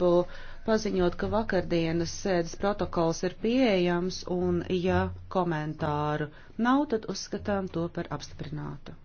gribu paziņot, ka vakardienas sēdes protokols ir pieejams, un ja komentāru nav, tad uzskatām to par apstiprinātu.